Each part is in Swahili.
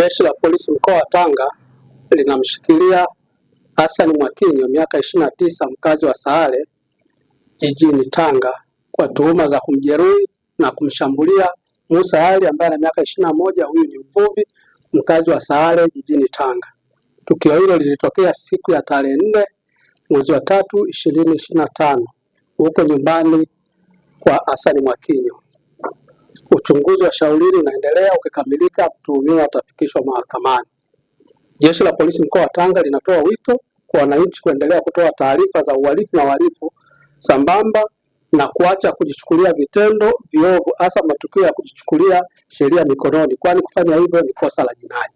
Jeshi la Polisi mkoa wa Tanga linamshikilia Hassan Mwakinyo miaka ishirini na tisa mkazi wa Sahare jijini Tanga kwa tuhuma za kumjeruhi na kumshambulia Musa Ali ambaye ana miaka ishirini na moja. Huyu ni mvuvi mkazi wa Sahare jijini Tanga. Tukio hilo lilitokea siku ya tarehe nne mwezi wa tatu ishirini ishirini na tano huko nyumbani kwa Hassan Mwakinyo. Uchunguzi wa shauri hili unaendelea, ukikamilika mtuhumiwa atafikishwa mahakamani. Jeshi la Polisi mkoa wa Tanga linatoa wito kwa wananchi kuendelea kutoa taarifa za uhalifu na wahalifu sambamba na kuacha kujichukulia vitendo viovu, hasa matukio ya kujichukulia sheria mikononi, kwani kufanya hivyo ni kosa la jinai.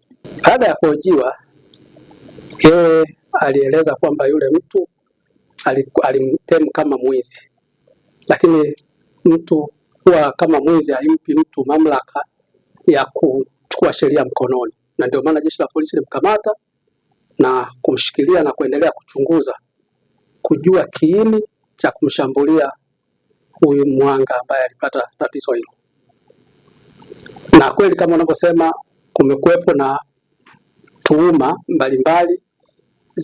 Baada ya kuhojiwa, yeye alieleza kwamba yule mtu alimtem kama mwizi, lakini mtu kuwa kama mwizi haimpi mtu mamlaka ya kuchukua sheria mkononi, na ndio maana jeshi la polisi limkamata na kumshikilia na kuendelea kuchunguza kujua kiini cha kumshambulia huyu Mwanga ambaye alipata tatizo hilo. Na kweli kama unavyosema, kumekuwepo na tuhuma mbalimbali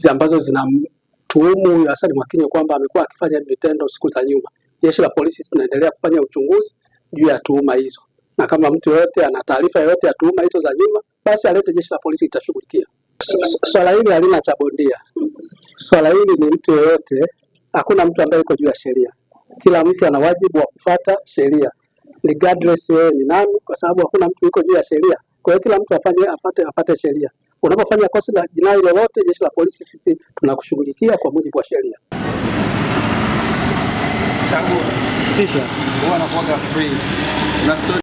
ambazo zinamtuhumu huyu Hassan Mwakinyo kwamba amekuwa akifanya vitendo siku za nyuma, Jeshi la Polisi tunaendelea kufanya uchunguzi juu ya tuhuma hizo, na kama mtu yoyote ana taarifa yoyote ya tuhuma hizo za nyuma, basi alete jeshi la polisi litashughulikia swala hili. Halina cha bondia, swala hili ni mtu yoyote, hakuna mtu ambaye yuko juu ya sheria. Kila mtu ana wajibu wa kufuata sheria regardless wewe ni nani, kwa sababu hakuna mtu yuko juu ya sheria. Kwa hiyo kila mtu afanye afate, afate sheria. Unapofanya kosa la jinai lolote, jeshi la polisi sisi tunakushughulikia kwa mujibu wa sheria t free na story